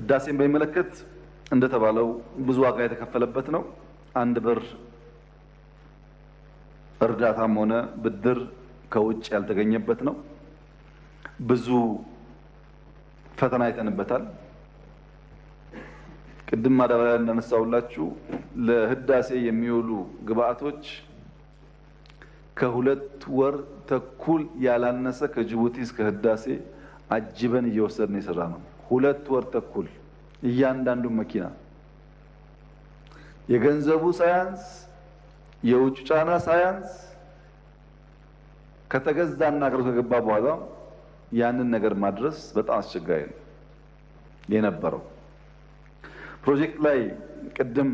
ህዳሴን በሚመለከት እንደተባለው ብዙ ዋጋ የተከፈለበት ነው። አንድ ብር እርዳታም ሆነ ብድር ከውጭ ያልተገኘበት ነው። ብዙ ፈተና አይተንበታል። ቅድም ማዳበሪያ እንዳነሳውላችሁ ለህዳሴ የሚውሉ ግብአቶች ከሁለት ወር ተኩል ያላነሰ ከጅቡቲ እስከ ህዳሴ አጅበን እየወሰድን የሰራ ነው። ሁለት ወር ተኩል እያንዳንዱን መኪና የገንዘቡ ሳያንስ የውጭ ጫና ሳያንስ ከተገዛና አገር ከገባ በኋላ ያንን ነገር ማድረስ በጣም አስቸጋሪ ነው የነበረው። ፕሮጀክት ላይ ቅድም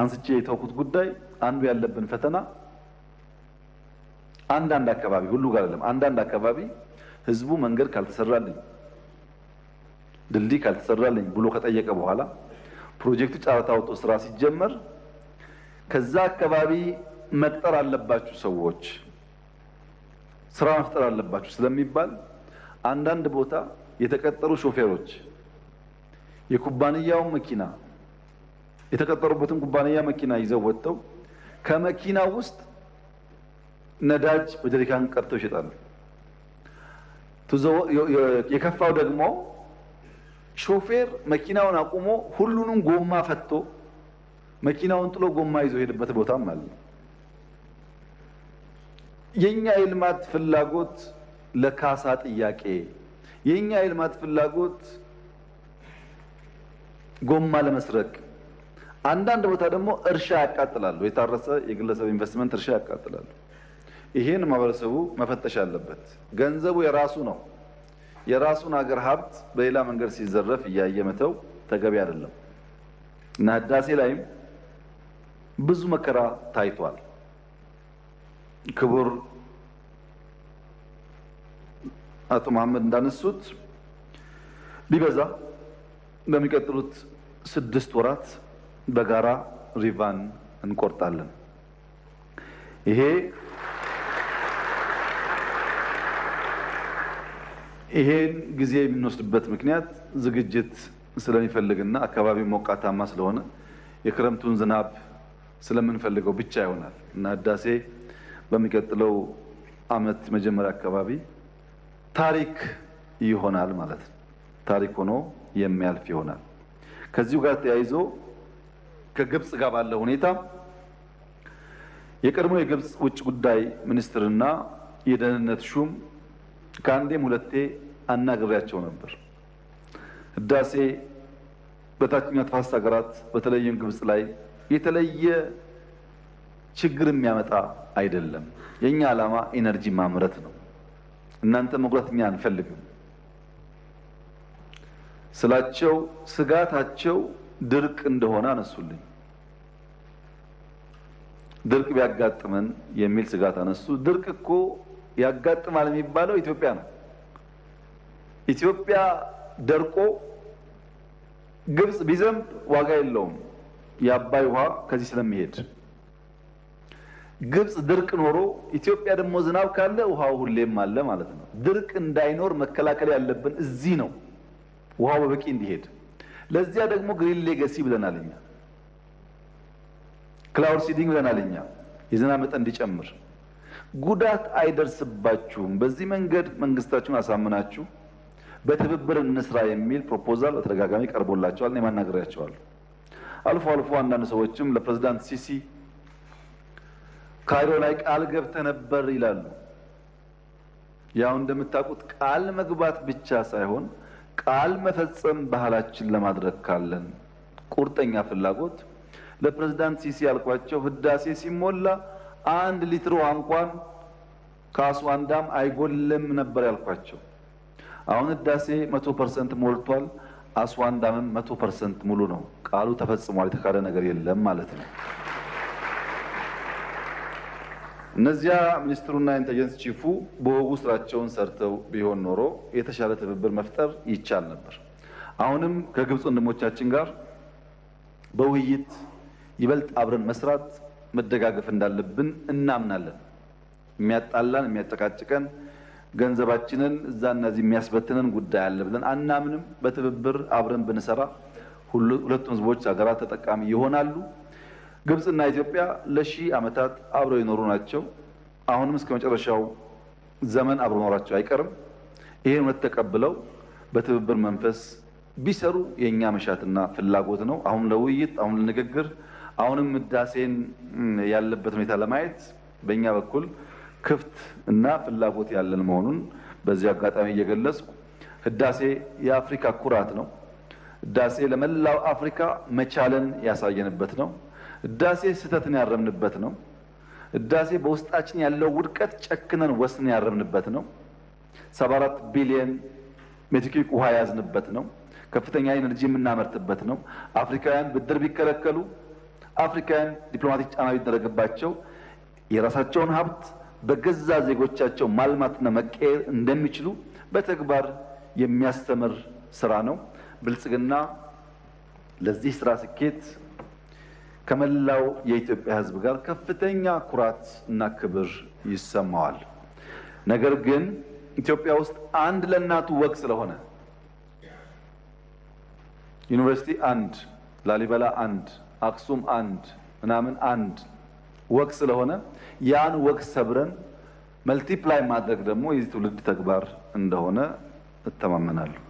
አንስቼ የተውኩት ጉዳይ አንዱ ያለብን ፈተና አንዳንድ አካባቢ ሁሉ ጋር አይደለም፣ አንዳንድ አካባቢ ህዝቡ መንገድ ካልተሰራልኝ ድልድይ ካልተሰራልኝ ብሎ ከጠየቀ በኋላ ፕሮጀክቱ ጨረታ አውጥቶ ስራ ሲጀመር ከዛ አካባቢ መቅጠር አለባችሁ ሰዎች ስራ መፍጠር አለባችሁ ስለሚባል አንዳንድ ቦታ የተቀጠሩ ሾፌሮች የኩባንያውን መኪና የተቀጠሩበትን ኩባንያ መኪና ይዘው ወጥተው ከመኪና ውስጥ ነዳጅ በጀሪካን ቀርተው ይሸጣሉ። የከፋው ደግሞ ሾፌር መኪናውን አቁሞ ሁሉንም ጎማ ፈቶ መኪናውን ጥሎ ጎማ ይዞ ሄደበት ቦታም አለ። የኛ የልማት ፍላጎት ለካሳ ጥያቄ፣ የኛ የልማት ፍላጎት ጎማ ለመስረቅ፣ አንዳንድ ቦታ ደግሞ እርሻ ያቃጥላሉ። የታረሰ የግለሰብ ኢንቨስትመንት እርሻ ያቃጥላሉ። ይሄን ማህበረሰቡ መፈተሽ አለበት። ገንዘቡ የራሱ ነው። የራሱን አገር ሀብት በሌላ መንገድ ሲዘረፍ እያየ መተው ተገቢ አይደለም እና ህዳሴ ላይም ብዙ መከራ ታይቷል። ክቡር አቶ መሐመድ እንዳነሱት ቢበዛ በሚቀጥሉት ስድስት ወራት በጋራ ሪቫን እንቆርጣለን። ይሄ ይሄን ጊዜ የምንወስድበት ምክንያት ዝግጅት ስለሚፈልግና አካባቢ ሞቃታማ ስለሆነ የክረምቱን ዝናብ ስለምንፈልገው ብቻ ይሆናል እና ህዳሴ በሚቀጥለው አመት መጀመሪያ አካባቢ ታሪክ ይሆናል ማለት ነው። ታሪክ ሆኖ የሚያልፍ ይሆናል። ከዚሁ ጋር ተያይዞ ከግብፅ ጋር ባለው ሁኔታ የቀድሞ የግብፅ ውጭ ጉዳይ ሚኒስትርና የደህንነት ሹም ከአንዴም ሁለቴ አናግሬያቸው ነበር። ህዳሴ በታችኛው ተፋሰስ ሀገራት በተለይም ግብጽ ላይ የተለየ ችግር የሚያመጣ አይደለም። የእኛ ዓላማ ኢነርጂ ማምረት ነው። እናንተ መጉዳት እኛ አንፈልግም ስላቸው ስጋታቸው ድርቅ እንደሆነ አነሱልኝ። ድርቅ ቢያጋጥመን የሚል ስጋት አነሱ። ድርቅ እኮ ያጋጥማል የሚባለው ኢትዮጵያ ነው። ኢትዮጵያ ደርቆ ግብፅ ቢዘንብ ዋጋ የለውም የአባይ ውሃ ከዚህ ስለሚሄድ። ግብፅ ድርቅ ኖሮ ኢትዮጵያ ደግሞ ዝናብ ካለ ውሃው ሁሌም አለ ማለት ነው። ድርቅ እንዳይኖር መከላከል ያለብን እዚህ ነው፣ ውሃው በበቂ እንዲሄድ። ለዚያ ደግሞ ግሪን ሌገሲ ብለናል እኛ፣ ክላውድ ሲዲንግ ብለናል እኛ፣ የዝናብ መጠን እንዲጨምር ጉዳት አይደርስባችሁም። በዚህ መንገድ መንግስታችሁን አሳምናችሁ በትብብር እንስራ የሚል ፕሮፖዛል በተደጋጋሚ ቀርቦላቸዋል። እኔ ማናገሪያቸዋለሁ። አልፎ አልፎ አንዳንድ ሰዎችም ለፕሬዚዳንት ሲሲ ካይሮ ላይ ቃል ገብተ ነበር ይላሉ። ያው እንደምታውቁት ቃል መግባት ብቻ ሳይሆን ቃል መፈጸም ባህላችን ለማድረግ ካለን ቁርጠኛ ፍላጎት ለፕሬዚዳንት ሲሲ ያልኳቸው ህዳሴ ሲሞላ አንድ ሊትር ውሃ እንኳን ከአስዋን አይጎልም ነበር ያልኳቸው። አሁን ህዳሴ መቶ ፐርሰንት ሞልቷል። አስዋንዳምም ዳምም መቶ ፐርሰንት ሙሉ ነው። ቃሉ ተፈጽሟል። የተካደ ነገር የለም ማለት ነው። እነዚያ ሚኒስትሩና ኢንተሊጀንስ ቺፉ በወጉ ስራቸውን ሰርተው ቢሆን ኖሮ የተሻለ ትብብር መፍጠር ይቻል ነበር። አሁንም ከግብፅ ወንድሞቻችን ጋር በውይይት ይበልጥ አብረን መስራት መደጋገፍ እንዳለብን እናምናለን። የሚያጣላን የሚያጨቃጭቀን ገንዘባችንን እዛ እነዚህ የሚያስበትንን ጉዳይ አለ ብለን አናምንም። በትብብር አብረን ብንሰራ ሁለቱም ህዝቦች፣ ሀገራት ተጠቃሚ ይሆናሉ። ግብፅና ኢትዮጵያ ለሺህ ዓመታት አብረው የኖሩ ናቸው። አሁንም እስከ መጨረሻው ዘመን አብሮ መኖራቸው አይቀርም። ይህን እውነት ተቀብለው በትብብር መንፈስ ቢሰሩ የእኛ መሻትና ፍላጎት ነው። አሁን ለውይይት አሁን ለንግግር አሁንም ህዳሴን ያለበት ሁኔታ ለማየት በእኛ በኩል ክፍት እና ፍላጎት ያለን መሆኑን በዚህ አጋጣሚ እየገለጽኩ ህዳሴ የአፍሪካ ኩራት ነው። ህዳሴ ለመላው አፍሪካ መቻለን ያሳየንበት ነው። ህዳሴ ስህተትን ያረምንበት ነው። ህዳሴ በውስጣችን ያለው ውድቀት ጨክነን ወስን ያረምንበት ነው። ሰባ አራት ቢሊየን ውሃ የያዝንበት ነው። ከፍተኛ ኤነርጂ የምናመርትበት ነው። አፍሪካውያን ብድር ቢከለከሉ አፍሪካውያን ዲፕሎማቲክ ጫና ቢደረግባቸው የራሳቸውን ሀብት በገዛ ዜጎቻቸው ማልማትና መቀየር እንደሚችሉ በተግባር የሚያስተምር ስራ ነው። ብልጽግና ለዚህ ስራ ስኬት ከመላው የኢትዮጵያ ሕዝብ ጋር ከፍተኛ ኩራት እና ክብር ይሰማዋል። ነገር ግን ኢትዮጵያ ውስጥ አንድ ለእናቱ ወግ ስለሆነ ዩኒቨርሲቲ አንድ፣ ላሊበላ አንድ አክሱም አንድ ምናምን አንድ ወቅ ስለሆነ ያን ወቅ ሰብረን መልቲፕላይ ማድረግ ደግሞ የዚህ ትውልድ ተግባር እንደሆነ እተማመናለሁ።